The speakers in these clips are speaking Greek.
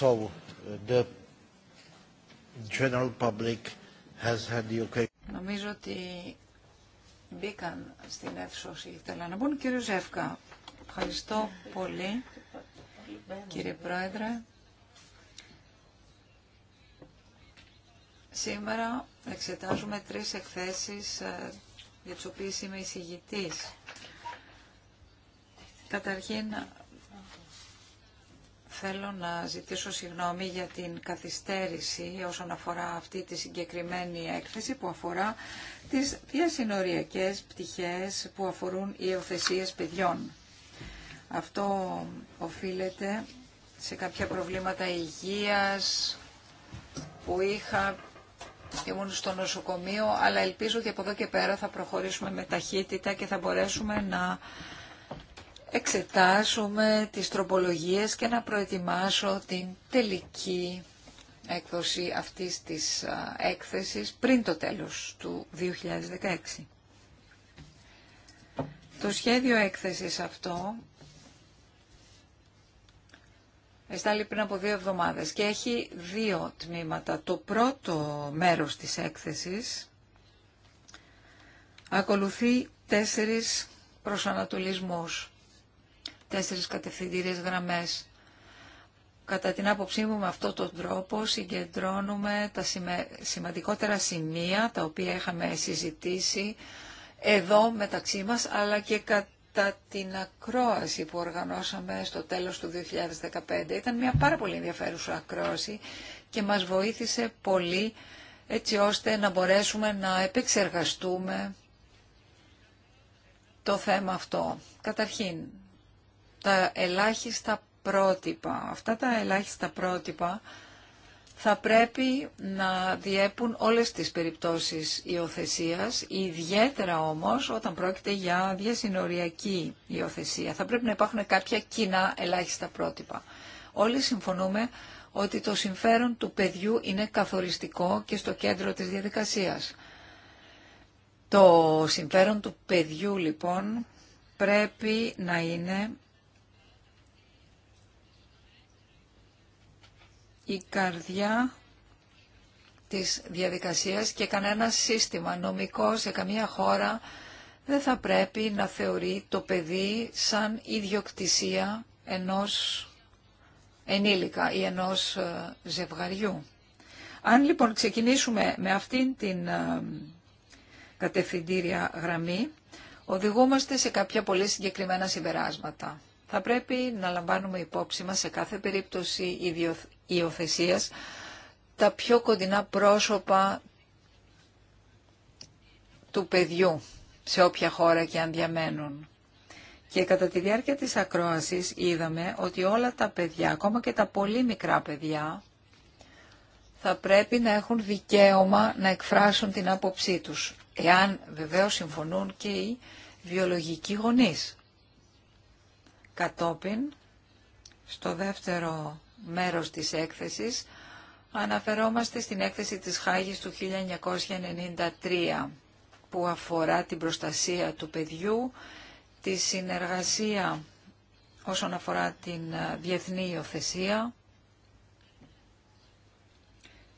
Uh, Νομίζω ότι μπήκαν στην αίθουσα όσοι ήθελαν να μπουν. Κύριο Ζεύκα, ευχαριστώ πολύ κύριε Πρόεδρε. Σήμερα εξετάζουμε τρεις εκθέσεις ε, για τις οποίες είμαι εισηγητής. Θέλω να ζητήσω συγγνώμη για την καθυστέρηση όσον αφορά αυτή τη συγκεκριμένη έκθεση που αφορά τις διασυνοριακές πτυχές που αφορούν οι οθεσίες παιδιών. Αυτό οφείλεται σε κάποια προβλήματα υγείας που είχα ήμουν στο νοσοκομείο, αλλά ελπίζω ότι από εδώ και πέρα θα προχωρήσουμε με ταχύτητα και θα μπορέσουμε να εξετάσουμε τις τροπολογίες και να προετοιμάσω την τελική έκδοση αυτής της έκθεσης πριν το τέλος του 2016. Το σχέδιο έκθεσης αυτό εστάλει πριν από δύο εβδομάδες και έχει δύο τμήματα. Το πρώτο μέρος της έκθεσης ακολουθεί τέσσερις προσανατολισμούς τέσσερις κατευθυντήριες γραμμές. Κατά την άποψή μου με αυτόν τον τρόπο συγκεντρώνουμε τα σημαντικότερα σημεία τα οποία είχαμε συζητήσει εδώ μεταξύ μας αλλά και κατά την ακρόαση που οργανώσαμε στο τέλος του 2015. Ήταν μια πάρα πολύ ενδιαφέρουσα ακρόαση και μας βοήθησε πολύ έτσι ώστε να μπορέσουμε να επεξεργαστούμε το θέμα αυτό. Καταρχήν, τα ελάχιστα πρότυπα. Αυτά τα ελάχιστα πρότυπα θα πρέπει να διέπουν όλες τις περιπτώσεις υιοθεσία, ιδιαίτερα όμως όταν πρόκειται για διασυνοριακή υιοθεσία. Θα πρέπει να υπάρχουν κάποια κοινά ελάχιστα πρότυπα. Όλοι συμφωνούμε ότι το συμφέρον του παιδιού είναι καθοριστικό και στο κέντρο της διαδικασίας. Το συμφέρον του παιδιού λοιπόν πρέπει να είναι η καρδιά της διαδικασίας και κανένα σύστημα νομικό σε καμία χώρα δεν θα πρέπει να θεωρεί το παιδί σαν ιδιοκτησία ενός ενήλικα ή ενός ε, ζευγαριού. Αν λοιπόν ξεκινήσουμε με αυτήν την ε, κατευθυντήρια γραμμή, οδηγούμαστε σε κάποια πολύ συγκεκριμένα συμπεράσματα. Θα πρέπει να λαμβάνουμε υπόψη μας σε κάθε περίπτωση τα πιο κοντινά πρόσωπα του παιδιού σε όποια χώρα και αν διαμένουν. Και κατά τη διάρκεια της ακρόασης είδαμε ότι όλα τα παιδιά, ακόμα και τα πολύ μικρά παιδιά, θα πρέπει να έχουν δικαίωμα να εκφράσουν την άποψή τους, εάν βεβαίως συμφωνούν και οι βιολογικοί γονείς. Κατόπιν, στο δεύτερο μέρος της έκθεσης, αναφερόμαστε στην έκθεση της Χάγης του 1993, που αφορά την προστασία του παιδιού, τη συνεργασία όσον αφορά την ε, διεθνή υιοθεσία,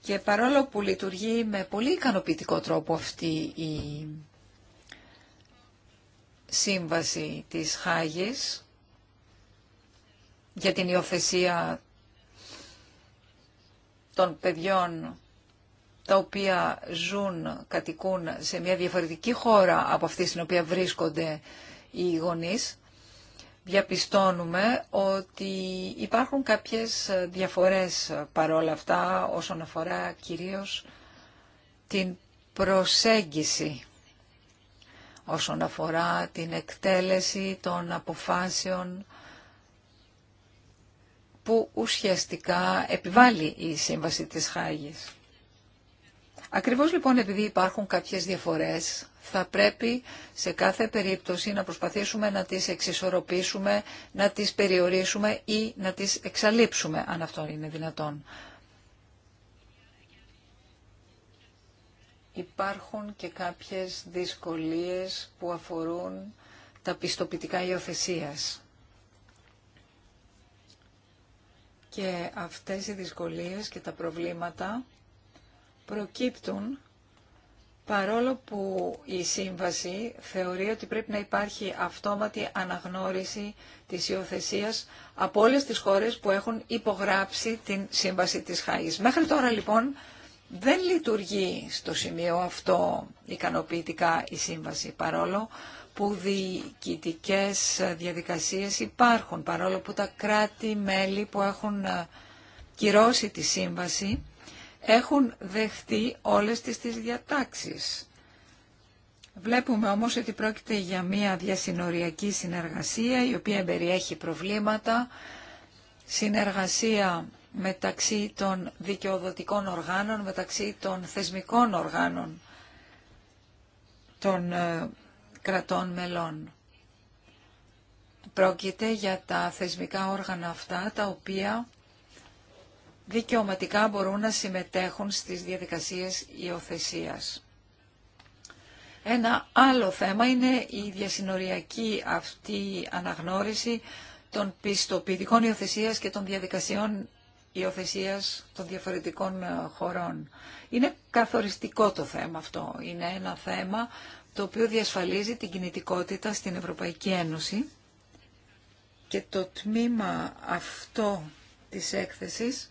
και παρόλο που λειτουργεί με πολύ ικανοποιητικό τρόπο αυτή η σύμβαση της Χάγης για την υιοθεσία των παιδιών τα οποία ζουν, κατοικούν σε μια διαφορετική χώρα από αυτή στην οποία βρίσκονται οι γονείς, διαπιστώνουμε ότι υπάρχουν κάποιες διαφορές παρόλα αυτά όσον αφορά κυρίως την προσέγγιση όσον αφορά την εκτέλεση των αποφάσεων που ουσιαστικά επιβάλλει η Σύμβαση της Χάγης. Ακριβώς λοιπόν επειδή υπάρχουν κάποιες διαφορές, θα πρέπει σε κάθε περίπτωση να προσπαθήσουμε να τις εξισορροπήσουμε, να τις περιορίσουμε ή να τις εξαλείψουμε, αν αυτό είναι δυνατόν. Υπάρχουν και κάποιες δυσκολίες που αφορούν τα πιστοποιητικά υιοθεσίας. και αυτές οι δυσκολίες και τα προβλήματα προκύπτουν παρόλο που η Σύμβαση θεωρεί ότι πρέπει να υπάρχει αυτόματη αναγνώριση της υιοθεσία από όλες τις χώρες που έχουν υπογράψει την Σύμβαση της Χάγης. Μέχρι τώρα λοιπόν δεν λειτουργεί στο σημείο αυτό ικανοποιητικά η Σύμβαση παρόλο που διοικητικές διαδικασίες υπάρχουν, παρόλο που τα κράτη-μέλη που έχουν ε, κυρώσει τη σύμβαση έχουν δεχτεί όλες τις, τις διατάξεις. Βλέπουμε όμως ότι πρόκειται για μια διασυνοριακή συνεργασία η οποία περιέχει προβλήματα, συνεργασία μεταξύ των δικαιοδοτικών οργάνων, μεταξύ των θεσμικών οργάνων των ε, κρατών μελών. Πρόκειται για τα θεσμικά όργανα αυτά, τα οποία δικαιωματικά μπορούν να συμμετέχουν στις διαδικασίες υιοθεσία. Ένα άλλο θέμα είναι η διασυνοριακή αυτή αναγνώριση των πιστοποιητικών υιοθεσία και των διαδικασιών υιοθεσία των διαφορετικών χωρών. Είναι καθοριστικό το θέμα αυτό. Είναι ένα θέμα το οποίο διασφαλίζει την κινητικότητα στην Ευρωπαϊκή Ένωση και το τμήμα αυτό της έκθεσης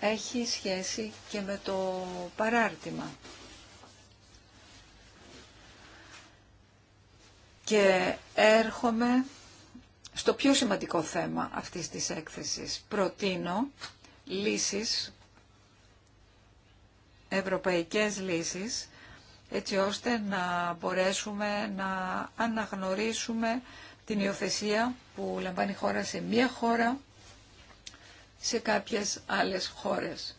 έχει σχέση και με το παράρτημα. Και έρχομαι στο πιο σημαντικό θέμα αυτής της έκθεσης. Προτείνω λύσεις, ευρωπαϊκές λύσεις, έτσι ώστε να μπορέσουμε να αναγνωρίσουμε την υιοθεσία που λαμβάνει η χώρα σε μία χώρα σε κάποιες άλλες χώρες.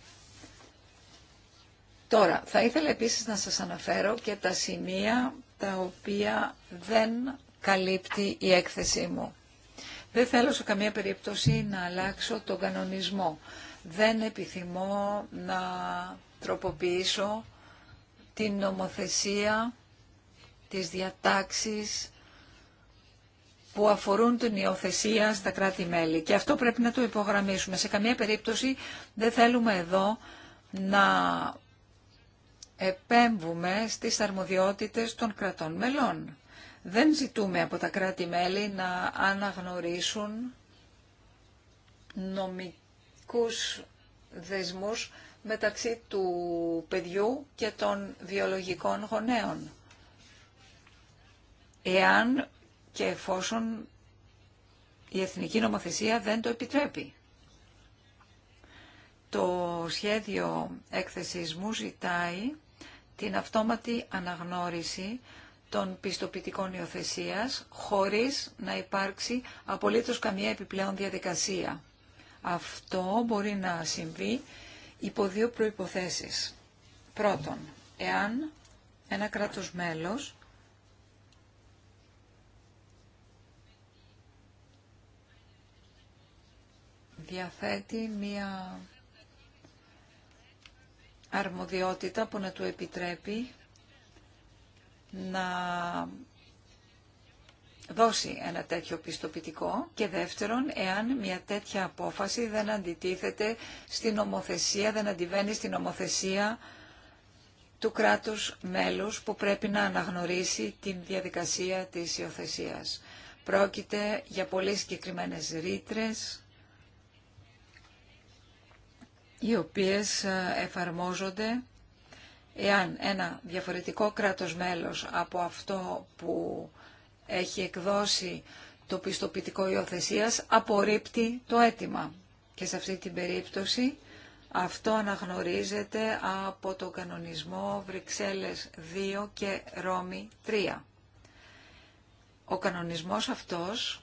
Τώρα, θα ήθελα επίσης να σας αναφέρω και τα σημεία τα οποία δεν καλύπτει η έκθεσή μου. Δεν θέλω σε καμία περίπτωση να αλλάξω τον κανονισμό. Δεν επιθυμώ να τροποποιήσω την νομοθεσία, της διατάξεις που αφορούν την υιοθεσία στα κράτη-μέλη. Και αυτό πρέπει να το υπογραμμίσουμε. Σε καμία περίπτωση δεν θέλουμε εδώ να επέμβουμε στις αρμοδιότητες των κρατών μελών. Δεν ζητούμε από τα κράτη-μέλη να αναγνωρίσουν νομικούς δεσμούς μεταξύ του παιδιού και των βιολογικών γονέων. Εάν και εφόσον η εθνική νομοθεσία δεν το επιτρέπει. Το σχέδιο έκθεσης μου ζητάει την αυτόματη αναγνώριση των πιστοποιητικών υιοθεσία χωρίς να υπάρξει απολύτως καμία επιπλέον διαδικασία. Αυτό μπορεί να συμβεί υπό δύο προϋποθέσεις. Πρώτον, εάν ένα κράτος μέλος διαθέτει μία αρμοδιότητα που να του επιτρέπει να δώσει ένα τέτοιο πιστοποιητικό και δεύτερον, εάν μια τέτοια απόφαση δεν αντιτίθεται στην ομοθεσία δεν αντιβαίνει στην νομοθεσία του κράτους μέλους που πρέπει να αναγνωρίσει την διαδικασία της υιοθεσία. Πρόκειται για πολύ συγκεκριμένε ρήτρε οι οποίες ε, εφαρμόζονται εάν ένα διαφορετικό κράτος μέλος από αυτό που έχει εκδώσει το πιστοποιητικό υιοθεσία απορρίπτει το αίτημα. Και σε αυτή την περίπτωση αυτό αναγνωρίζεται από το κανονισμό Βρυξέλλες 2 και Ρώμη 3. Ο κανονισμός αυτός,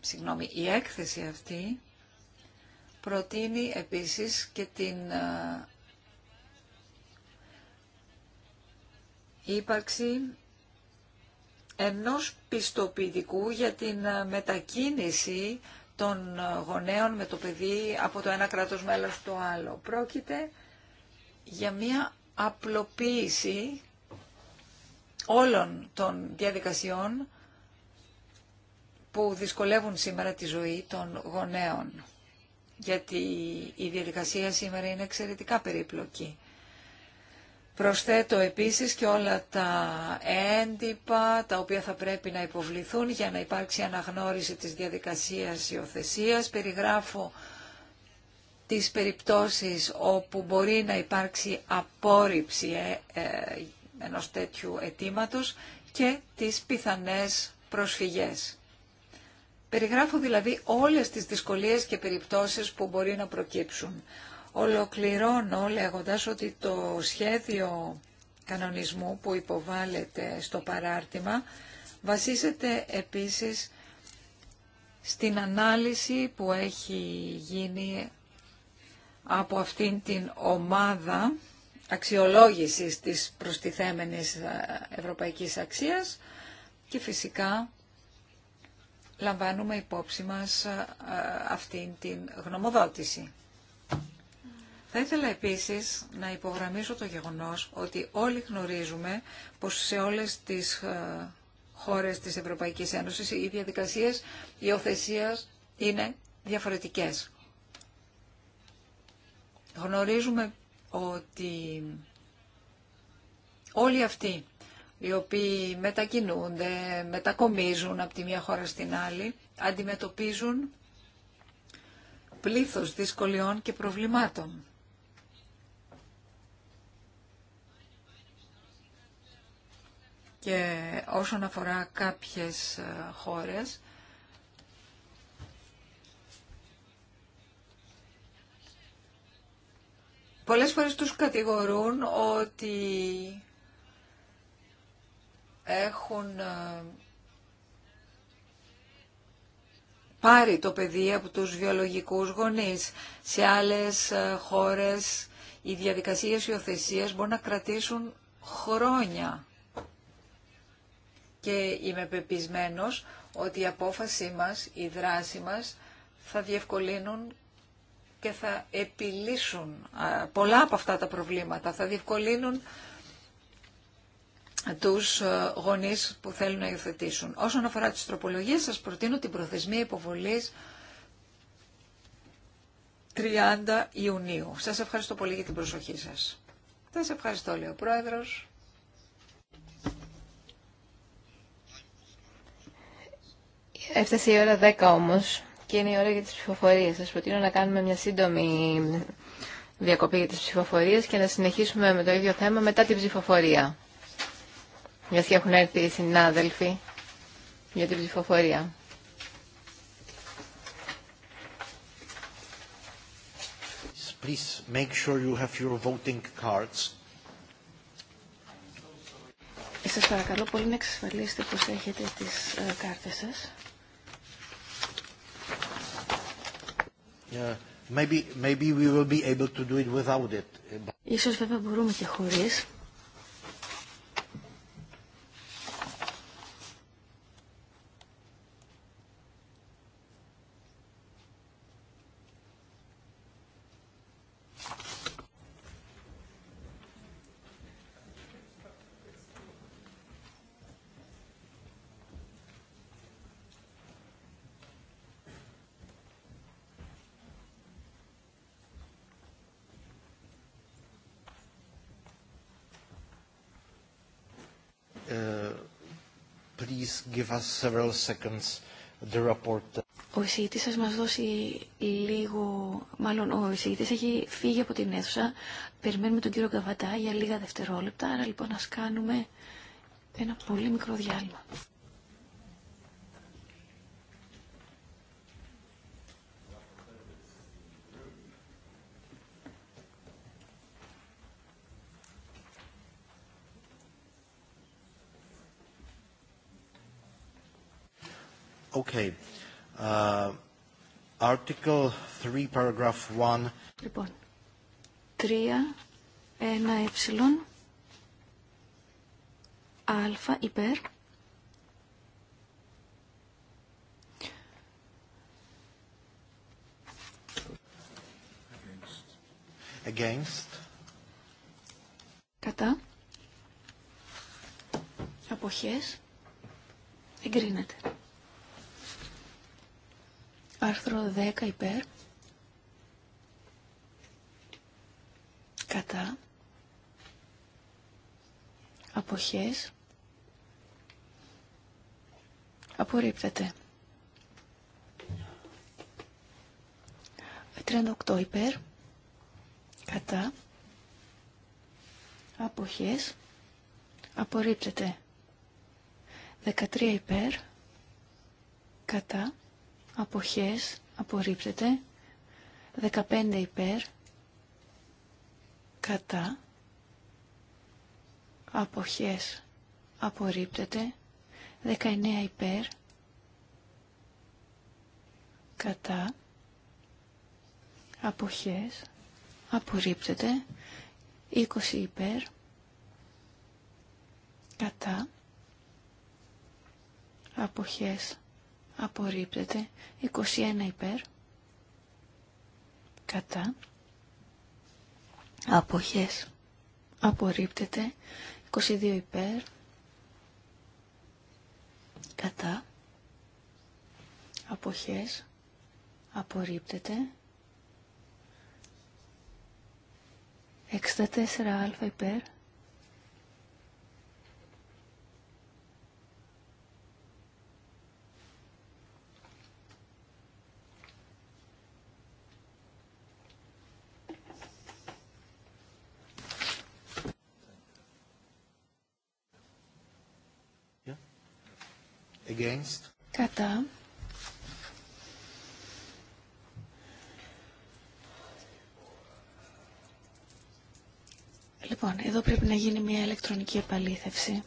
συγγνώμη, η έκθεση αυτή προτείνει επίσης και την ε, ύπαρξη ενός πιστοποιητικού για την ε, μετακίνηση των ε, γονέων με το παιδί από το ένα κράτος μέλος στο άλλο. Πρόκειται για μια απλοποίηση όλων των διαδικασιών που δυσκολεύουν σήμερα τη ζωή των γονέων. Γιατί η διαδικασία σήμερα είναι εξαιρετικά περίπλοκη. Προσθέτω επίσης και όλα τα έντυπα τα οποία θα πρέπει να υποβληθούν για να υπάρξει αναγνώριση της διαδικασίας υιοθεσία. Περιγράφω τις περιπτώσεις όπου μπορεί να υπάρξει απόρριψη ε, ε ενός τέτοιου αιτήματο και τις πιθανές προσφυγές. Περιγράφω δηλαδή όλες τις δυσκολίες και περιπτώσεις που μπορεί να προκύψουν. Ολοκληρώνω λέγοντας ότι το σχέδιο κανονισμού που υποβάλλεται στο παράρτημα βασίζεται επίσης στην ανάλυση που έχει γίνει από αυτήν την ομάδα αξιολόγησης της προστιθέμενης ε, ευρωπαϊκής αξίας και φυσικά λαμβάνουμε υπόψη μας ε, ε, αυτήν την γνωμοδότηση. Θα ήθελα επίσης να υπογραμμίσω το γεγονός ότι όλοι γνωρίζουμε πως σε όλες τις ε, χώρες της Ευρωπαϊκής Ένωσης οι διαδικασίες υιοθεσία είναι διαφορετικές. Γνωρίζουμε ότι όλοι αυτοί οι οποίοι μετακινούνται, μετακομίζουν από τη μία χώρα στην άλλη, αντιμετωπίζουν πλήθος δυσκολιών και προβλημάτων. Και όσον αφορά κάποιες ε, χώρες, πολλές φορές τους κατηγορούν ότι έχουν ε, πάρει το παιδί από τους βιολογικούς γονείς. Σε άλλες ε, χώρες οι διαδικασίες υιοθεσίας μπορούν να κρατήσουν χρόνια και είμαι πεπισμένος ότι η απόφασή μας, η δράση μας θα διευκολύνουν και θα επιλύσουν πολλά από αυτά τα προβλήματα. Θα διευκολύνουν τους ε, γονείς που θέλουν να υιοθετήσουν. Όσον αφορά τις τροπολογίες, σας προτείνω την προθεσμία υποβολής 30 Ιουνίου. Σας ευχαριστώ πολύ για την προσοχή σας. Σας ευχαριστώ, λέει ο Έφτασε η ώρα 10 όμως και είναι η ώρα για τις ψηφοφορίες. Σας προτείνω να κάνουμε μια σύντομη διακοπή για τις ψηφοφορίες και να συνεχίσουμε με το ίδιο θέμα μετά την ψηφοφορία. Γιατί και έχουν έρθει οι συνάδελφοι για την ψηφοφορία. Please make sure you have your voting cards. Σας παρακαλώ πολύ να εξασφαλίσετε πως έχετε τις ε, κάρτες σας. Maybe, maybe we will be able to do it without it. Ίσως βέβαια μπορούμε και χωρίς. Ο εισηγητή σα μα δώσει λίγο, μάλλον ο εισηγητής έχει φύγει από την αίθουσα. Περιμένουμε τον κύριο Καβατά για λίγα δευτερόλεπτα, άρα λοιπόν ας κάνουμε ένα πολύ μικρό διάλειμμα. Okay. Uh, article 3, paragraph 1. Λοιπόν, 3, 1, ε, α, υπέρ. Against. Κατά. Αποχές. Εγκρίνεται. Άρθρο 10 υπέρ. Κατά. Αποχές. Απορρίπτεται. 38 υπέρ. Κατά. Αποχές. Απορρίπτεται. 13 υπέρ. Κατά αποχές απορρίπτεται 15 υπέρ κατά αποχές απορρίπτεται 19 υπέρ κατά αποχές απορρίπτεται 20 υπέρ κατά αποχές απορρίπτεται 21 υπέρ κατά αποχές απορρίπτεται 22 υπέρ κατά αποχές απορρίπτεται 64α υπέρ Against. Κατά. Λοιπόν, εδώ πρέπει να γίνει μια ηλεκτρονική επαλήθευση.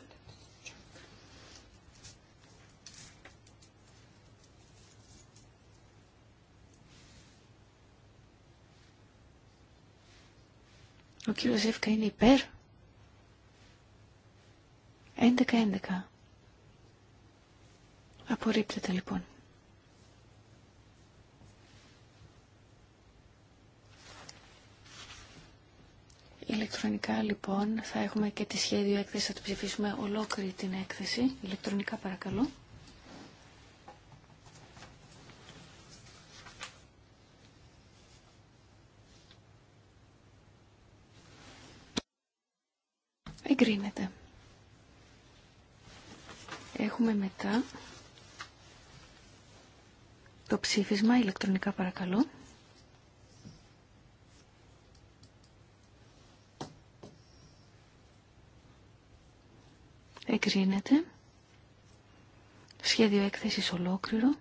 Ο κύριος Ζεύκα είναι υπέρ. 11-11. Απορρίπτεται λοιπόν. Ηλεκτρονικά λοιπόν θα έχουμε και τη σχέδιο έκθεση, θα το ψηφίσουμε ολόκληρη την έκθεση. Ηλεκτρονικά παρακαλώ. Εγκρίνεται. Έχουμε μετά το ψήφισμα ηλεκτρονικά παρακαλώ. Εγκρίνεται. Σχέδιο έκθεσης ολόκληρο.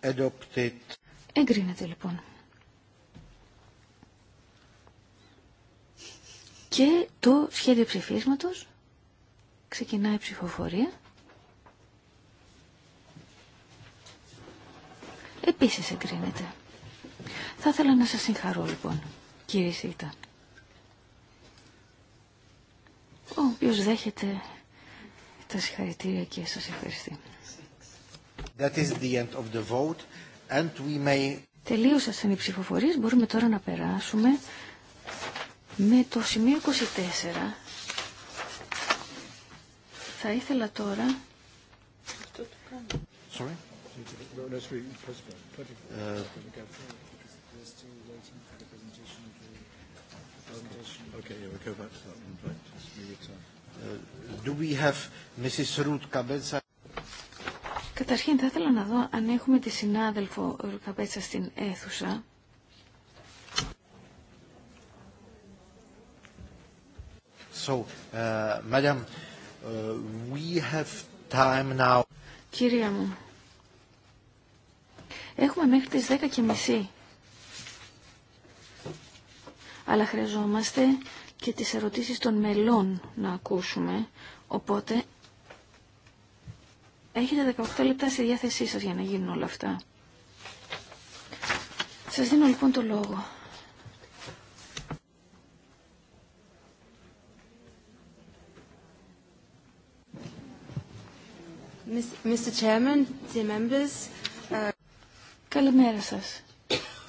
Adopted. Εγκρίνεται λοιπόν. Και το σχέδιο ψηφίσματος ξεκινάει ψηφοφορία. Επίσης εγκρίνεται. Θα ήθελα να σας συγχαρώ λοιπόν, κύριε Σίτα. Ο οποίος δέχεται τα συγχαρητήρια και σας ευχαριστεί. That is the end of the vote. And we may... Τελείωσαν οι ψηφοφορίες, μπορούμε τώρα να περάσουμε με το σημείο 24. Θα ήθελα τώρα... Sorry? Uh, okay, we'll go back to that one. Uh, do we have Mrs. Ruth Cabeza? Καταρχήν θα ήθελα να δω αν έχουμε τη συνάδελφο Ρουκαπέτσα στην αίθουσα. So, uh, madam, uh, we have time now. Κυρία μου, έχουμε μέχρι τις 10 και μισή. Αλλά χρειαζόμαστε και τις ερωτήσεις των μελών να ακούσουμε. Οπότε Έχετε 18 λεπτά στη διάθεσή σας για να γίνουν όλα αυτά. Σας δίνω λοιπόν το λόγο. Mr. Chairman, members. Uh, Καλημέρα σας.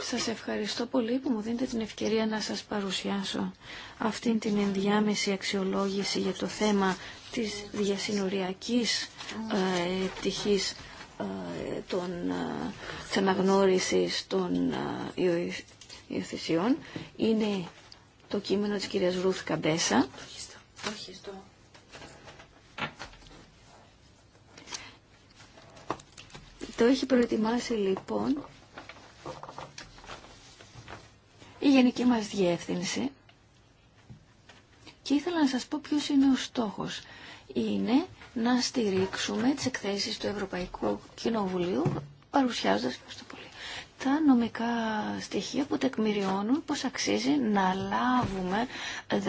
Σας ευχαριστώ πολύ που μου δίνετε την ευκαιρία να σας παρουσιάσω αυτήν την ενδιάμεση αξιολόγηση για το θέμα της διασυνοριακής ε, πτυχής ε, των, ε, αναγνώρισης των ε, υιοθεσιών. Είναι το κείμενο της κυρίας Ρούθ Καμπέσα. Το έχει προετοιμάσει λοιπόν η γενική μας διεύθυνση και ήθελα να σας πω ποιος είναι ο στόχος. Είναι να στηρίξουμε τις εκθέσεις του Ευρωπαϊκού Κοινοβουλίου παρουσιάζοντας προς το πολύ τα νομικά στοιχεία που τεκμηριώνουν πως αξίζει να λάβουμε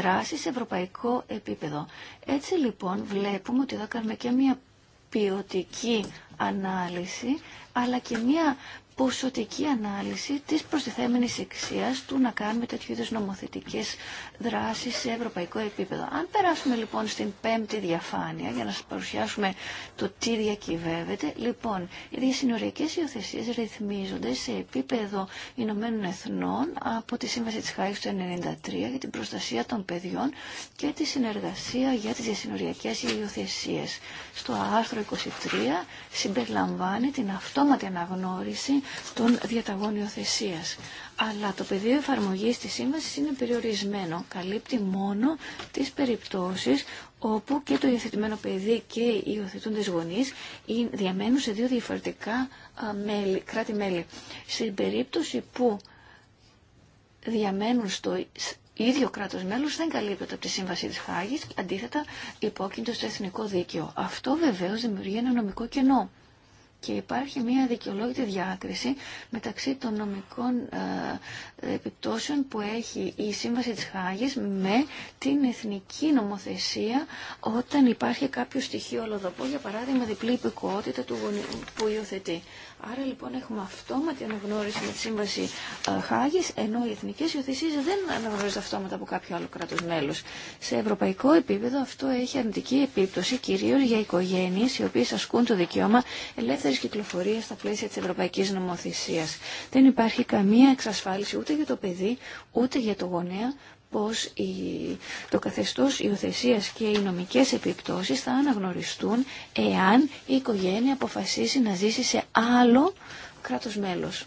δράση σε ευρωπαϊκό επίπεδο. Έτσι λοιπόν βλέπουμε ότι εδώ κάνουμε και μια ποιοτική ανάλυση αλλά και μια ποσοτική ανάλυση της προστιθέμενης εξία του να κάνουμε τέτοιου είδους νομοθετικές δράσεις σε ευρωπαϊκό επίπεδο. Αν περάσουμε λοιπόν στην πέμπτη διαφάνεια για να σας παρουσιάσουμε το τι διακυβεύεται, λοιπόν, οι διασυνοριακές υιοθεσίες ρυθμίζονται σε επίπεδο Ηνωμένων Εθνών από τη Σύμβαση της ΧΑΙΣ του 1993 για την προστασία των παιδιών και τη συνεργασία για τις διασυνοριακές υιοθεσίες. Στο άρθρο 23 συμπεριλαμβάνει την αυτό αυτόματη αναγνώριση των διαταγών υιοθεσία. Αλλά το πεδίο εφαρμογή της σύμβαση είναι περιορισμένο. Καλύπτει μόνο τις περιπτώσεις όπου και το υιοθετημένο παιδί και οι υιοθετούντε γονεί διαμένουν σε δύο διαφορετικά κράτη-μέλη. Στην περίπτωση που διαμένουν στο ίδιο κράτος μέλος δεν καλύπτεται από τη Σύμβαση της Χάγης, αντίθετα υπόκεινται στο εθνικό δίκαιο. Αυτό βεβαίω δημιουργεί ένα νομικό κενό και υπάρχει μια δικαιολόγητη διάκριση μεταξύ των νομικών ε, επιπτώσεων που έχει η Σύμβαση της Χάγης με την εθνική νομοθεσία όταν υπάρχει κάποιο στοιχείο ολοδοπό, για παράδειγμα διπλή υπηκότητα του γονιού που υιοθετεί. Άρα λοιπόν έχουμε αυτόματη αναγνώριση με τη Σύμβαση ε, Χάγης, ενώ οι εθνικές υιοθεσίες δεν αναγνωρίζονται αυτόματα από κάποιο άλλο κράτος μέλος. Σε ευρωπαϊκό επίπεδο αυτό έχει αρνητική επίπτωση κυρίως για οικογένειες οι οποίες ασκούν το δικαίωμα ελεύθερης κυκλοφορίας στα πλαίσια της ευρωπαϊκής νομοθεσίας. Δεν υπάρχει καμία εξασφάλιση ούτε για το παιδί, ούτε για το γονέα πως η, το καθεστώς υιοθεσία και οι νομικές επιπτώσεις θα αναγνωριστούν εάν η οικογένεια αποφασίσει να ζήσει σε άλλο κράτος μέλος.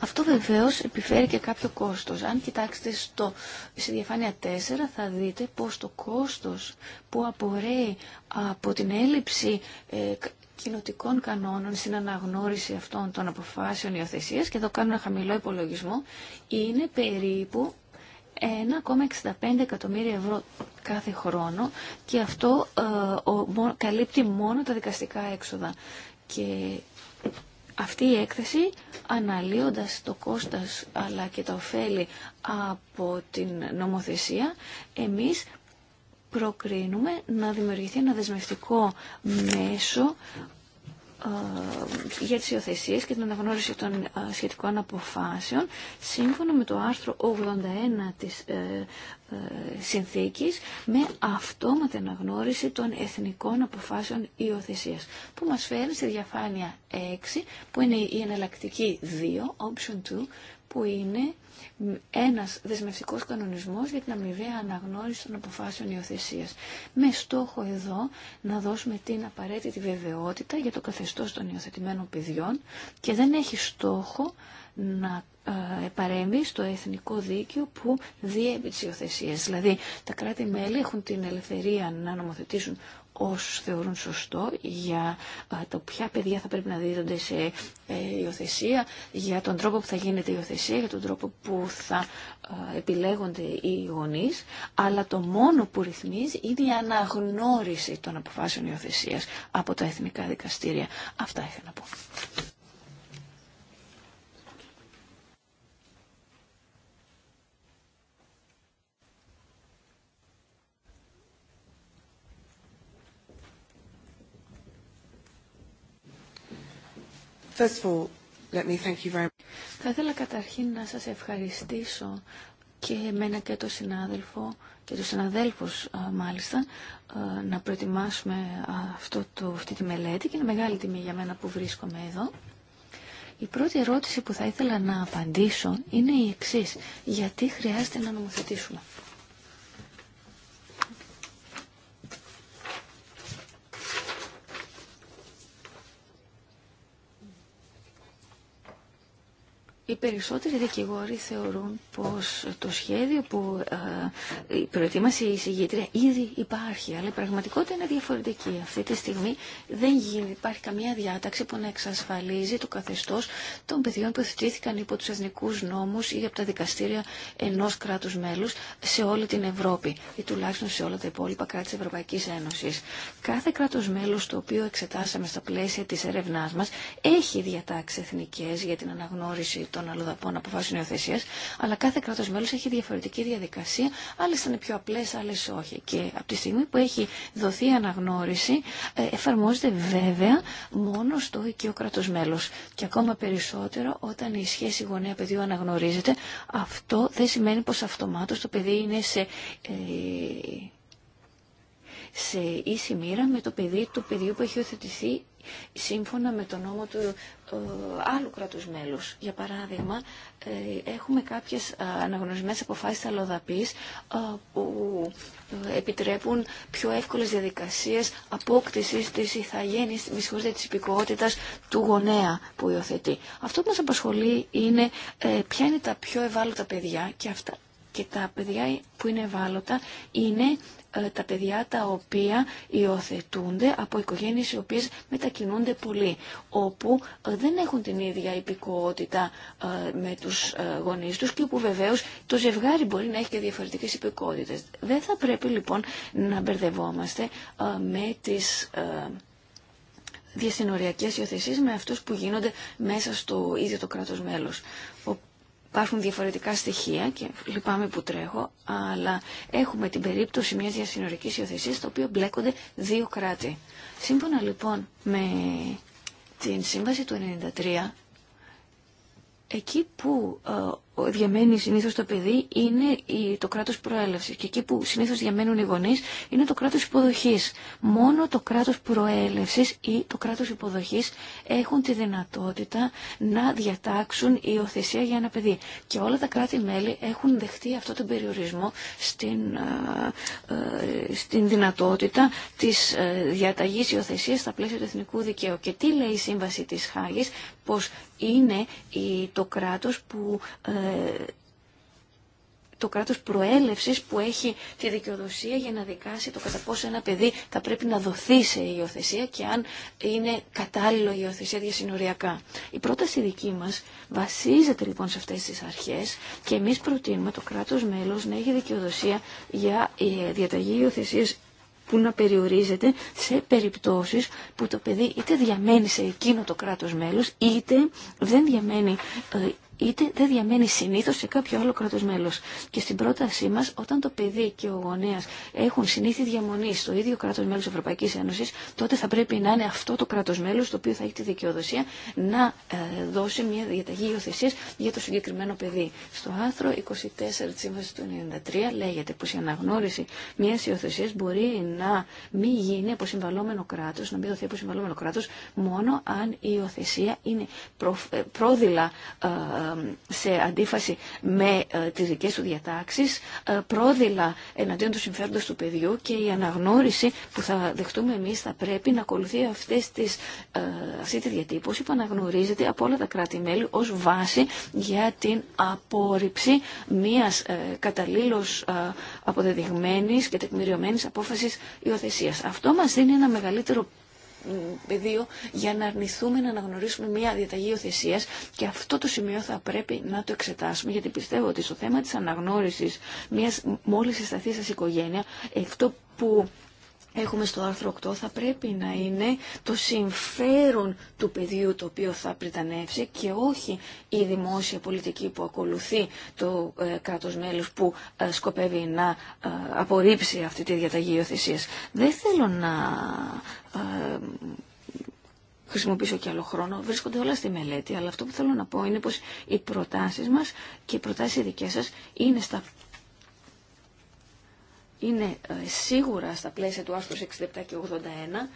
Αυτό βεβαίως επιφέρει και κάποιο κόστος. Αν κοιτάξετε στο, στη διαφάνεια 4 θα δείτε πως το κόστος που απορρέει από την έλλειψη ε, κοινοτικών κανόνων στην αναγνώριση αυτών των αποφάσεων υιοθεσία και εδώ κάνω ένα χαμηλό υπολογισμό, είναι περίπου 1,65 εκατομμύρια ευρώ κάθε χρόνο και αυτό ε, καλύπτει μόνο τα δικαστικά έξοδα. Και αυτή η έκθεση αναλύοντας το κόστος αλλά και τα ωφέλη από την νομοθεσία εμείς προκρίνουμε να δημιουργηθεί ένα δεσμευτικό μέσο ε, για τις υιοθεσίε και την αναγνώριση των ε, σχετικών αποφάσεων σύμφωνα με το άρθρο 81 της ε, συνθήκης με αυτόματη αναγνώριση των εθνικών αποφάσεων υιοθεσία που μας φέρνει στη διαφάνεια που είναι η εναλλακτική 2, option 2, που είναι ένας δεσμευτικός κανονισμός για την αμοιβαία αναγνώριση των αποφάσεων υιοθεσία. Με στόχο εδώ να δώσουμε την απαραίτητη βεβαιότητα για το καθεστώς των υιοθετημένων παιδιών και δεν έχει στόχο να ε, παρέμβει στο εθνικό δίκαιο που διέπει τις υιοθεσίες. Δηλαδή τα κράτη-μέλη έχουν την ελευθερία να νομοθετήσουν όσους θεωρούν σωστό για ε, το ποια παιδιά θα πρέπει να δίδονται σε ε, υιοθεσία, για τον τρόπο που θα γίνεται η υιοθεσία, για τον τρόπο που θα ε, επιλέγονται οι γονείς, αλλά το μόνο που ρυθμίζει είναι η αναγνώριση των αποφάσεων υιοθεσία από τα εθνικά δικαστήρια. Αυτά ήθελα να πω. First of all, let me thank you very much. Θα ήθελα καταρχήν να σας ευχαριστήσω και εμένα και το συνάδελφο και τους συναδέλφους μάλιστα να προετοιμάσουμε αυτό το, αυτή τη μελέτη και είναι μεγάλη τιμή για μένα που βρίσκομαι εδώ. Η πρώτη ερώτηση που θα ήθελα να απαντήσω είναι η εξής. Γιατί χρειάζεται να νομοθετήσουμε. Οι περισσότεροι δικηγόροι θεωρούν πως το σχέδιο που ε, προετοίμασε η συγγήτρια ήδη υπάρχει, αλλά η πραγματικότητα είναι διαφορετική. Αυτή τη στιγμή δεν υπάρχει καμία διάταξη που να εξασφαλίζει το καθεστώς των παιδιών που θετήθηκαν υπό τους εθνικούς νόμους ή από τα δικαστήρια ενός κράτους μέλους σε όλη την Ευρώπη ή τουλάχιστον σε όλα τα υπόλοιπα κράτη της Ευρωπαϊκής Ένωσης. Κάθε κράτος μέλος το οποίο εξετάσαμε στα πλαίσια της έρευνάς μας έχει διατάξει εθνικές για την αναγνώριση των των αλλοδαπών αποφάσεων υιοθεσία, αλλά κάθε κράτο μέλο έχει διαφορετική διαδικασία. Άλλε είναι πιο απλέ, άλλε όχι. Και από τη στιγμή που έχει δοθεί αναγνώριση, ε, εφαρμόζεται βέβαια μόνο στο οικείο κράτο μέλο. Και ακόμα περισσότερο όταν η σχέση γονέα-παιδιού αναγνωρίζεται, αυτό δεν σημαίνει πω αυτομάτω το παιδί είναι σε. Ε, σε ίση μοίρα με το παιδί του παιδιού που έχει οθετηθεί σύμφωνα με τον νόμο του ε, άλλου κρατούς μέλους. Για παράδειγμα, ε, έχουμε κάποιες ε, αναγνωρισμένες αποφάσεις αλλοδαπής ε, που επιτρέπουν πιο εύκολες διαδικασίες απόκτησης της ηθαγένης με συγχωρείτε, της υπηκότητας του γονέα που υιοθετεί. Αυτό που μας απασχολεί είναι ποια είναι τα πιο ευάλωτα παιδιά και αυτά και τα παιδιά που είναι ευάλωτα είναι ε, τα παιδιά τα οποία υιοθετούνται από οικογένειες οι οποίες μετακινούνται πολύ, όπου ε, δεν έχουν την ίδια υπηκότητα ε, με τους γονείς τους και όπου βεβαίως το ζευγάρι μπορεί να έχει και διαφορετικές υπηκότητες. Δεν θα πρέπει λοιπόν να μπερδευόμαστε με τις διασυνοριακές υιοθεσίες με αυτούς που γίνονται μέσα στο ίδιο το κράτος μέλος. Υπάρχουν διαφορετικά στοιχεία και λυπάμαι που τρέχω, αλλά έχουμε την περίπτωση μιας διασυνορικής υιοθεσίας στο οποίο μπλέκονται δύο κράτη. Σύμφωνα λοιπόν με την σύμβαση του 1993 εκεί που ε, διαμένει συνήθω το παιδί είναι το κράτο προέλευση. Και εκεί που συνήθω διαμένουν οι γονεί είναι το κράτο υποδοχή. Μόνο το κράτο προέλευση ή το κράτο υποδοχή έχουν τη δυνατότητα να διατάξουν η οθεσία για ένα παιδί. Και όλα τα κράτη-μέλη έχουν δεχτεί αυτόν τον περιορισμό στην, ε, στην δυνατότητα τη ε, διαταγή υιοθεσία στα πλαίσια του εθνικού δικαίου. Και τι λέει η Σύμβαση τη Χάγη, πως είναι το κράτος που ε, το κράτος προέλευσης που έχει τη δικαιοδοσία για να δικάσει το κατά πόσο ένα παιδί θα πρέπει να δοθεί σε υιοθεσία και αν είναι κατάλληλο η υιοθεσία διασυνοριακά. Η πρόταση δική μας βασίζεται λοιπόν σε αυτές τις αρχές και εμείς προτείνουμε το κράτος μέλος να έχει δικαιοδοσία για ε, διαταγή υιοθεσίας που να περιορίζεται σε περιπτώσεις που το παιδί είτε διαμένει σε εκείνο το κράτος μέλος είτε δεν διαμένει ε, είτε δεν διαμένει συνήθως σε κάποιο άλλο κράτος μέλος. Και στην πρότασή μας, όταν το παιδί και ο γονέας έχουν συνήθει διαμονή στο ίδιο κράτος μέλος Ευρωπαϊκής Ένωσης, τότε θα πρέπει να είναι αυτό το κράτος μέλος το οποίο θα έχει τη δικαιοδοσία να ε, δώσει μια διαταγή υιοθεσία για το συγκεκριμένο παιδί. Στο άρθρο 24 της Σύμβασης του 1993 λέγεται πως η αναγνώριση μιας υιοθεσία μπορεί να μην γίνει από συμβαλόμενο κράτος, να μην δοθεί από συμβαλόμενο κράτος, μόνο αν η υιοθεσία είναι προδειλα ε, ε, σε αντίφαση με ε, τις δικές του διατάξεις, ε, πρόδειλα εναντίον του συμφέροντος του παιδιού και η αναγνώριση που θα δεχτούμε εμείς θα πρέπει να ακολουθεί αυτές τις, ε, αυτή τη διατύπωση που αναγνωρίζεται από όλα τα κράτη-μέλη ως βάση για την απόρριψη μιας καταλήλως αποδεδειγμένης και τεκμηριωμένης απόφασης υιοθεσίας. Αυτό μας δίνει ένα μεγαλύτερο πεδίο για να αρνηθούμε να αναγνωρίσουμε μια διαταγή υιοθεσία και αυτό το σημείο θα πρέπει να το εξετάσουμε γιατί πιστεύω ότι στο θέμα τη αναγνώριση, μια μόλι συσταθεί σα οικογένεια αυτό που έχουμε στο άρθρο 8 θα πρέπει να είναι το συμφέρον του παιδιού το οποίο θα πριτανεύσει και όχι η δημόσια πολιτική που ακολουθεί το ε, κράτος μέλος που ε, σκοπεύει να ε, απορρίψει αυτή τη διαταγή υιοθεσίας. Δεν θέλω να ε, χρησιμοποιήσω και άλλο χρόνο. Βρίσκονται όλα στη μελέτη, αλλά αυτό που θέλω να πω είναι πως οι προτάσεις μας και οι προτάσεις δικές σας είναι στα είναι ε, σίγουρα στα πλαίσια του άρθρου 67 και 81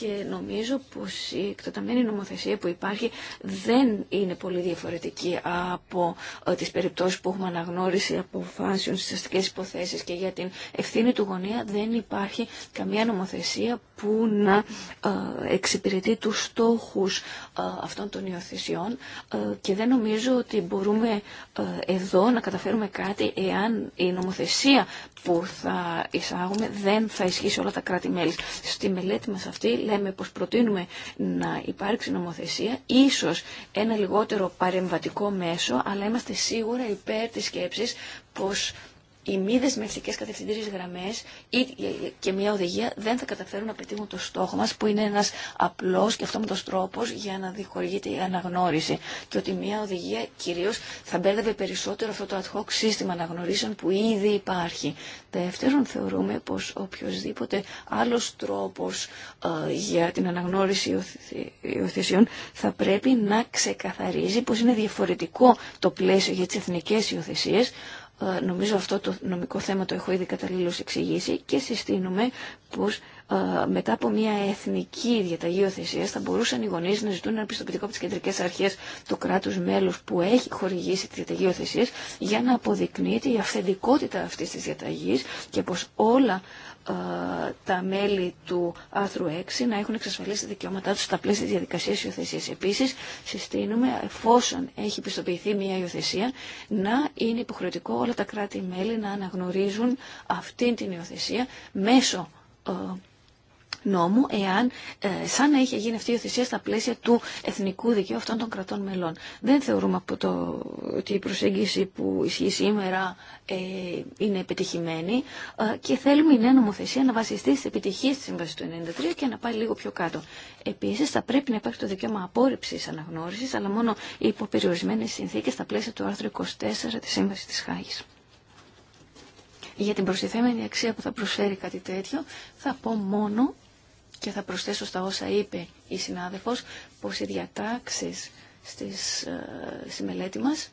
και νομίζω πως η εκτεταμένη νομοθεσία που υπάρχει δεν είναι πολύ διαφορετική από ε, τις περιπτώσεις που έχουμε αναγνώριση αποφάσεων στις αστικές υποθέσεις και για την ευθύνη του γονέα δεν υπάρχει καμία νομοθεσία που να ε, εξυπηρετεί τους στόχους ε, αυτών των υιοθεσιών ε, και δεν νομίζω ότι μπορούμε εδώ να καταφέρουμε κάτι εάν η νομοθεσία που θα εισάγουμε δεν θα ισχύσει όλα τα κράτη-μέλη. Στη μελέτη μας αυτή λέμε πως προτείνουμε να υπάρξει νομοθεσία, ίσως ένα λιγότερο παρεμβατικό μέσο, αλλά είμαστε σίγουρα υπέρ της σκέψης πως οι μη δεσμευτικέ κατευθυντήριε γραμμέ ε, ε, και μια οδηγία δεν θα καταφέρουν να πετύχουν το στόχο μα, που είναι ένα απλό και αυτόματο τρόπο για να διχορηγείται η αναγνώριση. Και ότι μια οδηγία κυρίω θα μπέρδευε περισσότερο αυτό το ad hoc σύστημα αναγνωρίσεων που ήδη υπάρχει. Δεύτερον, θεωρούμε πω οποιοδήποτε άλλο τρόπο ε, για την αναγνώριση υιοθεσιών θα πρέπει να ξεκαθαρίζει πω είναι διαφορετικό το πλαίσιο για τι εθνικέ υιοθεσίε ε, νομίζω αυτό το νομικό θέμα το έχω ήδη καταλήλως εξηγήσει και συστήνουμε πως ε, μετά από μια εθνική διαταγή οθεσίας θα μπορούσαν οι γονείς να ζητούν ένα πιστοποιητικό από τις κεντρικές αρχές του κράτους μέλους που έχει χορηγήσει τη διαταγή οθεσίας για να αποδεικνύεται η αυθεντικότητα αυτής της διαταγής και πως όλα ε, τα μέλη του άρθρου 6 να έχουν εξασφαλίσει τα δικαιώματά του στα πλαίσια τη διαδικασία υιοθεσία. Επίση, συστήνουμε, εφόσον έχει πιστοποιηθεί μια υιοθεσία, να είναι υποχρεωτικό όλα τα κράτη-μέλη να αναγνωρίζουν αυτή την υιοθεσία μέσω ε, νόμου, εάν ε, σαν να είχε γίνει αυτή η οθεσία στα πλαίσια του εθνικού δικαίου αυτών των κρατών μελών. Δεν θεωρούμε από το, ότι η προσέγγιση που ισχύει σήμερα ε, είναι επιτυχημένη ε, και θέλουμε η νέα νομοθεσία να βασιστεί στις επιτυχίες της Σύμβαση του 1993 και να πάει λίγο πιο κάτω. Επίσης, θα πρέπει να υπάρχει το δικαίωμα απόρριψη αναγνώρισης αλλά μόνο υπό περιορισμένες συνθήκε στα πλαίσια του άρθρου 24 τη Σύμβαση τη Χάγη. Για την προστιθέμενη αξία που θα προσφέρει κάτι τέτοιο, θα πω μόνο και θα προσθέσω στα όσα είπε η συνάδελφος πως οι διατάξεις στις, ε, στη μελέτη μας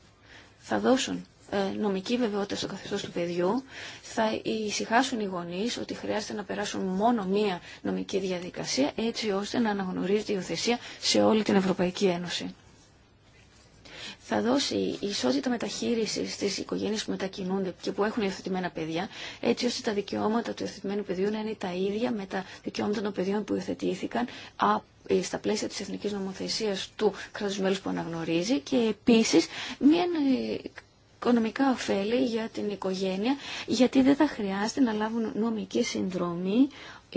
θα δώσουν ε, νομική βεβαιότητα στο καθεστώς του παιδιού, θα ησυχάσουν οι γονείς ότι χρειάζεται να περάσουν μόνο μία νομική διαδικασία, έτσι ώστε να αναγνωρίζεται η υιοθεσία σε όλη την Ευρωπαϊκή Ένωση θα δώσει ισότητα μεταχείριση στι οικογένειε που μετακινούνται και που έχουν υιοθετημένα παιδιά, έτσι ώστε τα δικαιώματα του υιοθετημένου παιδιού να είναι τα ίδια με τα δικαιώματα των παιδιών που υιοθετήθηκαν στα πλαίσια της εθνικής νομοθεσίας του κράτου μέλου που αναγνωρίζει και επίσης μια ε, οικονομικά ωφέλη για την οικογένεια γιατί δεν θα χρειάζεται να λάβουν νομική συνδρομή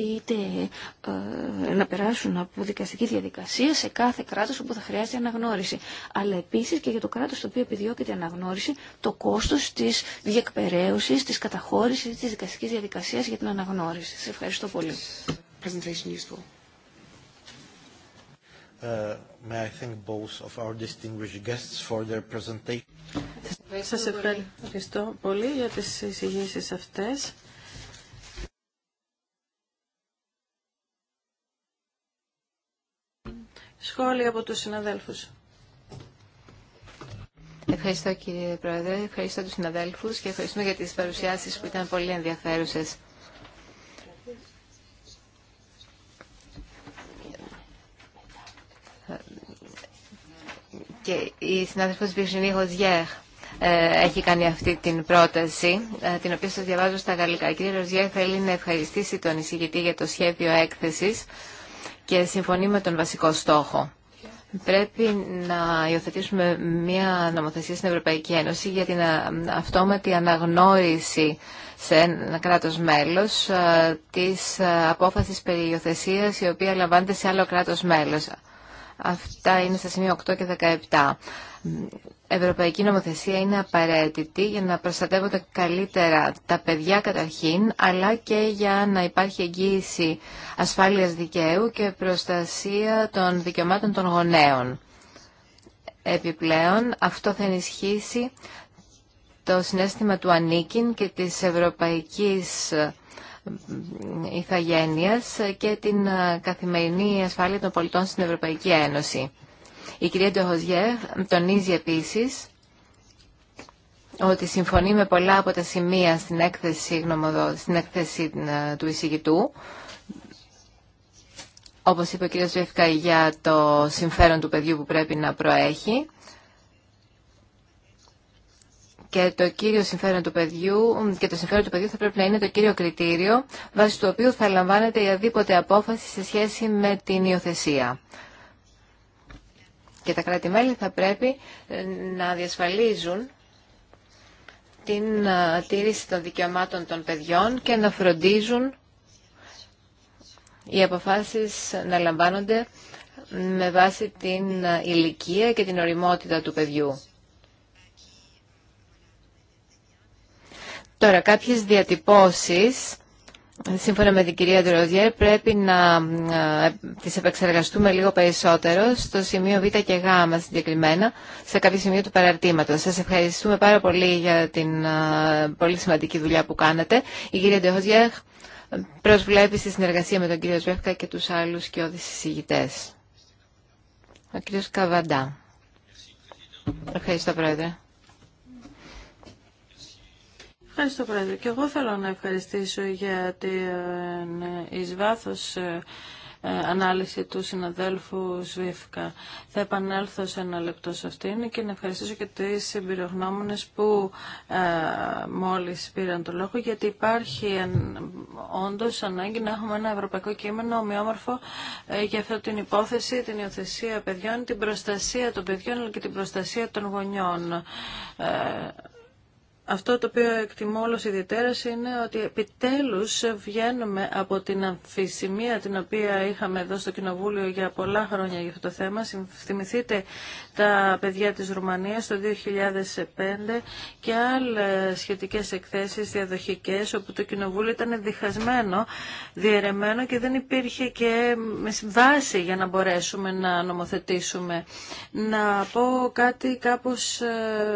είτε ε, να περάσουν από δικαστική διαδικασία σε κάθε κράτος όπου θα χρειάζεται αναγνώριση. Αλλά επίσης και για το κράτος το οποίο επιδιώκεται αναγνώριση το κόστος της διεκπαιρέωσης, της καταχώρησης της δικαστικής διαδικασίας για την αναγνώριση. Σας ευχαριστώ πολύ. Uh, Σας ευχαριστώ πολύ για τις εισηγήσεις αυτές. Σχόλια από τους συναδέλφους. Ευχαριστώ κύριε Πρόεδρε, ευχαριστώ τους συναδέλφους και ευχαριστούμε για τις παρουσιάσεις που ήταν πολύ ενδιαφέρουσες. Και η συνάδελφος Βιρζινή Χοζιέχ ε, έχει κάνει αυτή την πρόταση, ε, την οποία σας διαβάζω στα γαλλικά. Κύριε Ροζιέ, θέλει να ευχαριστήσει τον εισηγητή για το σχέδιο έκθεσης και συμφωνεί με τον βασικό στόχο. Πρέπει να υιοθετήσουμε μια νομοθεσία στην Ευρωπαϊκή Ένωση για την αυτόματη αναγνώριση σε ένα κράτος μέλος της απόφασης περί η οποία λαμβάνεται σε άλλο κράτος μέλος. Αυτά είναι στα σημεία 8 και 17. Ευρωπαϊκή νομοθεσία είναι απαραίτητη για να προστατεύονται καλύτερα τα παιδιά καταρχήν, αλλά και για να υπάρχει εγγύηση ασφάλειας δικαίου και προστασία των δικαιωμάτων των γονέων. Επιπλέον, αυτό θα ενισχύσει το συνέστημα του ανήκειν και της ευρωπαϊκής ηθαγένειας και την ε, καθημερινή ασφάλεια των πολιτών στην Ευρωπαϊκή Ένωση. Η κυρία Ντοχοζιέ τονίζει επίσης ότι συμφωνεί με πολλά από τα σημεία στην έκθεση, στην έκθεση ε, του εισηγητού, όπως είπε ο κ. για το συμφέρον του παιδιού που πρέπει να προέχει και το κύριο συμφέρον του παιδιού και το συμφέρον του παιδιού θα πρέπει να είναι το κύριο κριτήριο βάσει του οποίου θα λαμβάνεται η αδίποτε απόφαση σε σχέση με την υιοθεσία. Και τα κράτη-μέλη θα πρέπει ε, να διασφαλίζουν την ε, τήρηση των δικαιωμάτων των παιδιών και να φροντίζουν οι αποφάσεις να λαμβάνονται με βάση την ε, ηλικία και την οριμότητα του παιδιού. Τώρα, κάποιες διατυπώσεις, σύμφωνα με την κυρία Ντροζιέρ, πρέπει να ε, τις επεξεργαστούμε λίγο περισσότερο στο σημείο Β και Γ συγκεκριμένα, σε κάποιο σημείο του παραρτήματος. Σας ευχαριστούμε πάρα πολύ για την ε, πολύ σημαντική δουλειά που κάνατε. Η κυρία Ντροζιέρ προσβλέπει στη συνεργασία με τον κύριο Σβέφκα και τους άλλους και συζητητές. Ο κύριος Καβαντά. Ευχαριστώ, Πρόεδρε. Ευχαριστώ Πρόεδρε. Και εγώ θέλω να ευχαριστήσω για την εις βάθος ε, ε, ανάλυση του συναδέλφου Σβίφκα. Θα επανέλθω σε ένα λεπτό σε αυτήν και να ευχαριστήσω και τις εμπειρογνώμονες που ε, μόλις πήραν το λόγο γιατί υπάρχει ε, όντως ανάγκη να έχουμε ένα ευρωπαϊκό κείμενο ομοιόμορφο ε, για αυτή την υπόθεση, την υιοθεσία παιδιών, την προστασία των παιδιών αλλά και την προστασία των γονιών αυτό το οποίο εκτιμώ όλος ιδιαίτερας είναι ότι επιτέλους βγαίνουμε από την αμφισημία την οποία είχαμε εδώ στο Κοινοβούλιο για πολλά χρόνια για αυτό το θέμα. Θυμηθείτε τα παιδιά της Ρουμανίας το 2005 και άλλες σχετικές εκθέσεις διαδοχικές όπου το Κοινοβούλιο ήταν διχασμένο, διαιρεμένο και δεν υπήρχε και βάση για να μπορέσουμε να νομοθετήσουμε. Να πω κάτι κάπως ε,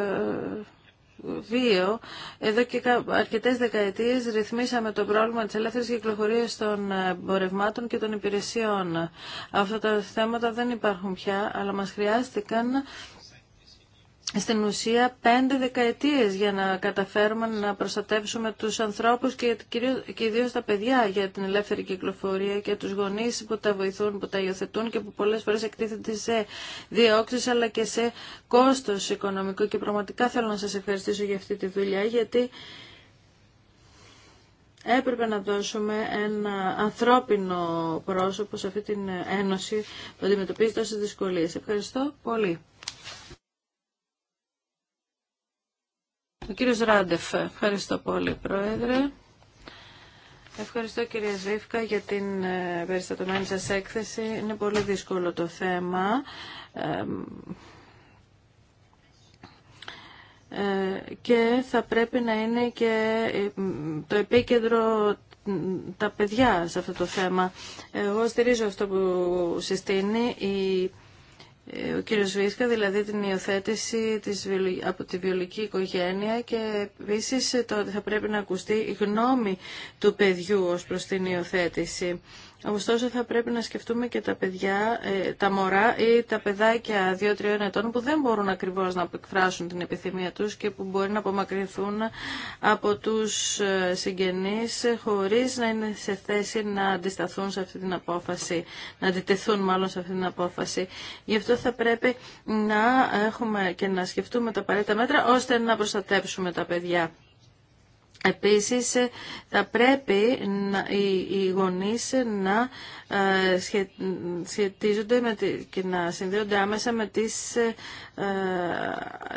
βίο. Εδώ και αρκετές δεκαετίες ρυθμίσαμε το πρόβλημα της ελεύθερης κυκλοφορίας των ε, εμπορευμάτων και των υπηρεσιών. Αυτά τα θέματα δεν υπάρχουν πια, αλλά μας χρειάστηκαν στην ουσία πέντε δεκαετίες για να καταφέρουμε να προστατεύσουμε τους ανθρώπους και, κυρίως, ιδίως τα παιδιά για την ελεύθερη κυκλοφορία και τους γονείς που τα βοηθούν, που τα υιοθετούν και που πολλές φορές εκτίθεται σε διώξεις αλλά και σε κόστος οικονομικό και πραγματικά θέλω να σας ευχαριστήσω για αυτή τη δουλειά γιατί έπρεπε να δώσουμε ένα ανθρώπινο πρόσωπο σε αυτή την ένωση που αντιμετωπίζει τόσες δυσκολίες. Ευχαριστώ πολύ. Ο κύριος Ράντεφ, ευχαριστώ πολύ Πρόεδρε. Ευχαριστώ κυρία Ζήφκα για την ε, περιστατωμένη σας έκθεση. Είναι πολύ δύσκολο το θέμα. Ε, και θα πρέπει να είναι και ε, το επίκεντρο τα παιδιά σε αυτό το θέμα. Εγώ στηρίζω αυτό που συστήνει η ε, ο κύριος Βίσκα, δηλαδή την υιοθέτηση από τη βιολική οικογένεια και επίση το, θα πρέπει να ακουστεί η γνώμη του παιδιού ως προς την υιοθέτηση. Ωστόσο θα πρέπει να σκεφτούμε και τα παιδιά, ε, τα μωρά ή τα παιδάκια 2-3 ετών που δεν μπορούν ακριβώς να εκφράσουν την επιθυμία τους και που μπορεί να απομακρυνθούν από τους ε, συγγενείς χωρίς να είναι σε θέση να αντισταθούν σε αυτή την απόφαση, να αντιτεθούν μάλλον σε αυτή την απόφαση. Γι' αυτό θα πρέπει να έχουμε και να σκεφτούμε τα απαραίτητα μέτρα ώστε να προστατέψουμε τα παιδιά. Επίσης ε, θα πρέπει οι γονείς ε, να ε, σχετίζονται με και να συνδέονται άμεσα με τις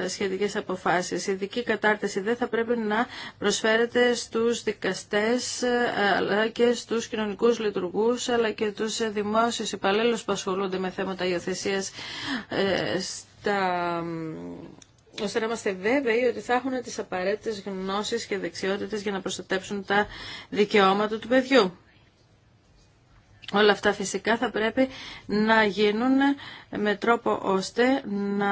σχετικές αποφάσεις. Η ειδική κατάρτιση δεν θα πρέπει να προσφέρεται στους δικαστές αλλά και στους κοινωνικούς λειτουργούς αλλά και τους δημόσιους υπαλλήλους που ασχολούνται με θέματα υιοθεσίας στα ώστε να είμαστε βέβαιοι ότι θα έχουν τις απαραίτητες γνώσεις και δεξιότητες για να προστατέψουν τα δικαιώματα του παιδιού. Όλα αυτά φυσικά θα πρέπει να γίνουν με τρόπο ώστε να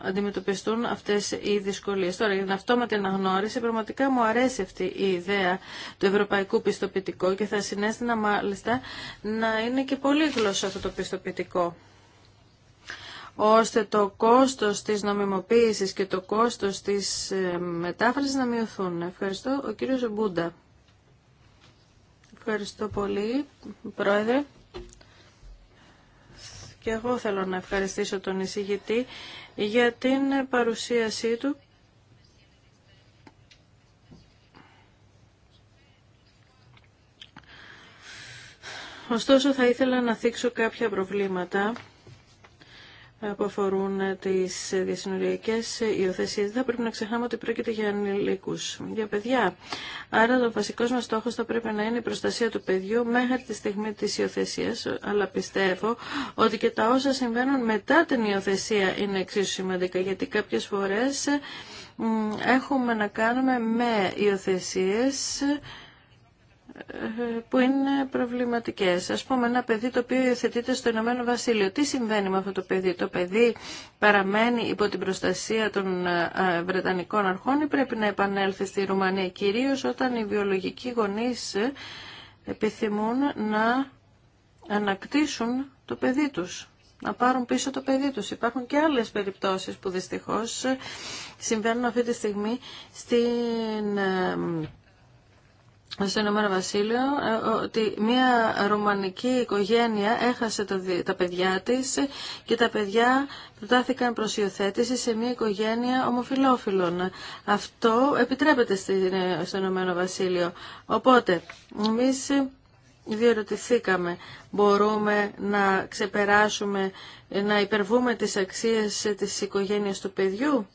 αντιμετωπιστούν αυτές οι δυσκολίες. Τώρα για την αυτόματη αναγνώριση πραγματικά μου αρέσει αυτή η ιδέα του ευρωπαϊκού πιστοποιητικού και θα συνέστηνα μάλιστα να είναι και πολύ γλώσσο αυτό το πιστοποιητικό ώστε το κόστος της νομιμοποίησης και το κόστος της ε, μετάφρασης να μειωθούν. Ευχαριστώ. Ο κύριος Μπούντα. Ευχαριστώ πολύ, Πρόεδρε. Και εγώ θέλω να ευχαριστήσω τον εισηγητή για την παρουσίασή του Ωστόσο θα ήθελα να θίξω κάποια προβλήματα ε, που αφορούν τις διασυνοριακές υιοθεσίες. Δεν πρέπει να ξεχνάμε ότι πρόκειται για ανηλίκους, για παιδιά. Άρα το βασικό μας στόχος θα πρέπει να είναι η προστασία του παιδιού μέχρι τη στιγμή της υιοθεσίας, αλλά πιστεύω ότι και τα όσα συμβαίνουν μετά την υιοθεσία είναι εξίσου σημαντικά, γιατί κάποιες φορές έχουμε να κάνουμε με υιοθεσίες που είναι προβληματικές. Ας πούμε ένα παιδί το οποίο υιοθετείται στο Ηνωμένο Βασίλειο. Τι συμβαίνει με αυτό το παιδί. Το παιδί παραμένει υπό την προστασία των ε, Βρετανικών αρχών ή πρέπει να επανέλθει στη Ρουμανία κυρίως όταν οι βιολογικοί γονείς ε, επιθυμούν να ανακτήσουν το παιδί τους να πάρουν πίσω το παιδί τους. Υπάρχουν και άλλες περιπτώσεις που δυστυχώς ε, συμβαίνουν αυτή τη στιγμή στην στο Ηνωμένο Βασίλειο ε, ότι μια ρουμανική οικογένεια έχασε τα παιδιά της και τα παιδιά προτάθηκαν προς υιοθέτηση σε μια οικογένεια ομοφιλόφιλων. Αυτό επιτρέπεται ε, στο Ηνωμένο Βασίλειο. Οπότε, εμείς διερωτηθήκαμε, μπορούμε να ξεπεράσουμε, να υπερβούμε τις αξίες της οικογένειας του παιδιού.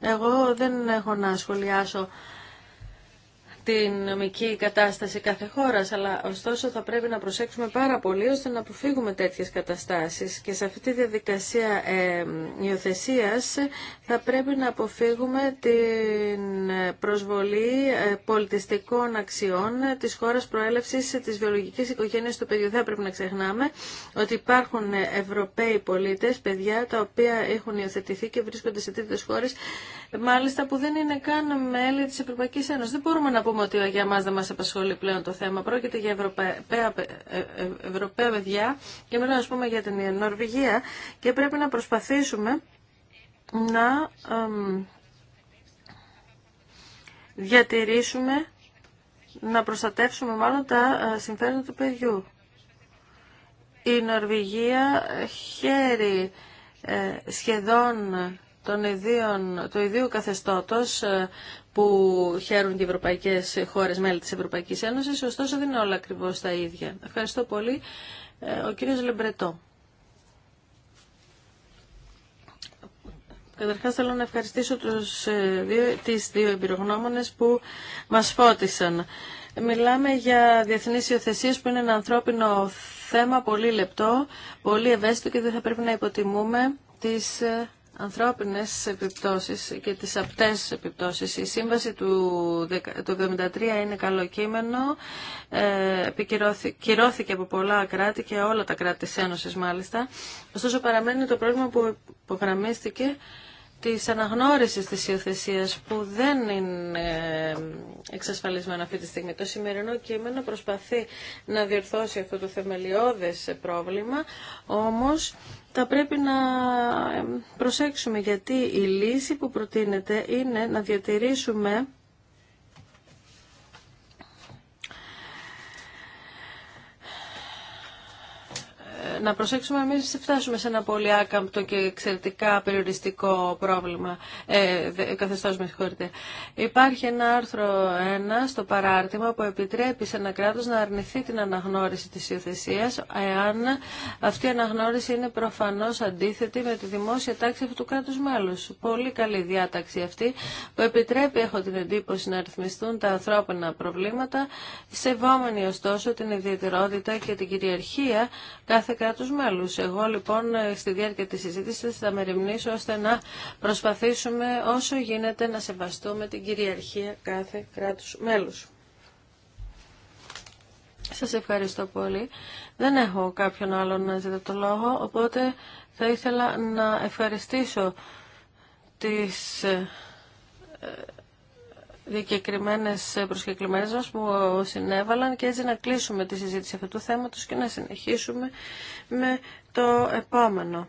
Εγώ δεν έχω να σχολιάσω την νομική κατάσταση κάθε χώρα αλλά ωστόσο θα πρέπει να προσέξουμε πάρα πολύ ώστε να αποφύγουμε τέτοιες καταστάσεις και σε αυτή τη διαδικασία ε, θα πρέπει να αποφύγουμε την προσβολή ε, πολιτιστικών αξιών της χώρας προέλευση, τη βιολογική οικογένεια του παιδιού. Δεν πρέπει να ξεχνάμε ότι υπάρχουν Ευρωπαίοι πολίτε παιδιά τα οποία έχουν υιοθετηθεί και βρίσκονται σε τέτοιε χώρε μάλιστα που δεν είναι καν μέλη της Ευρωπαϊκής Ένωσης. Δεν μπορούμε να πούμε ότι για μας δεν μας απασχολεί πλέον το θέμα. Πρόκειται για Ευρωπαία, ε, ε, Ευρωπαία παιδιά και μιλάω ας πούμε για την Νορβηγία και πρέπει να προσπαθήσουμε να διατηρήσουμε, να προστατεύσουμε μάλλον τα ε, συμφέροντα του παιδιού. Η Νορβηγία χαίρει σχεδόν το ιδίων, ιδίου καθεστώτος ε, που χαίρουν και οι ευρωπαϊκές χώρες μέλη της Ευρωπαϊκής Ένωσης, ωστόσο δεν είναι όλα ακριβώς τα ίδια. Ευχαριστώ πολύ. Ε, ο κύριος Λεμπρετό. Καταρχάς θέλω να ευχαριστήσω τους ε, δύο, τις δύο εμπειρογνώμονες που μας φώτισαν. Μιλάμε για διεθνείς υιοθεσίε που είναι ένα ανθρώπινο θέμα πολύ λεπτό, πολύ ευαίσθητο και δεν θα πρέπει να υποτιμούμε τις ανθρώπινες επιπτώσεις και τις απτές επιπτώσεις. Η σύμβαση του 1973 είναι καλό κείμενο, ε, κυρώθηκε από πολλά κράτη και όλα τα κράτη της Ένωσης μάλιστα. Ωστόσο παραμένει το πρόβλημα που υπογραμμίστηκε της αναγνώρισης της υιοθεσία που δεν είναι εξασφαλισμένα αυτή τη στιγμή. Το σημερινό κείμενο προσπαθεί να διορθώσει αυτό το θεμελιώδες πρόβλημα, όμως θα πρέπει να προσέξουμε γιατί η λύση που προτείνεται είναι να διατηρήσουμε να προσέξουμε εμείς να φτάσουμε σε ένα πολύ άκαμπτο και εξαιρετικά περιοριστικό πρόβλημα, ε, καθεστώς με συγχωρείτε. Υπάρχει ένα άρθρο 1 στο παράρτημα που επιτρέπει σε ένα κράτος να αρνηθεί την αναγνώριση της υιοθεσίας εάν αυτή η αναγνώριση είναι προφανώς αντίθετη με τη δημόσια τάξη αυτού του κράτους μέλους. Πολύ καλή διάταξη αυτή που επιτρέπει, έχω την εντύπωση, να ρυθμιστούν τα ανθρώπινα προβλήματα, σεβόμενοι ωστόσο την ιδιαιτερότητα και την κυριαρχία κάθε κράτος μέλους. Εγώ λοιπόν στη διάρκεια της συζήτησης θα με ώστε να προσπαθήσουμε όσο γίνεται να σεβαστούμε την κυριαρχία κάθε κράτους μέλους. Σας ευχαριστώ πολύ. Δεν έχω κάποιον άλλον να ζητά το λόγο, οπότε θα ήθελα να ευχαριστήσω τις ε, διακεκριμένες προσκεκλημένε μα που συνέβαλαν και έτσι να κλείσουμε τη συζήτηση αυτού του θέματο και να συνεχίσουμε με το επόμενο,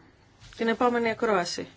την επόμενη ακρόαση.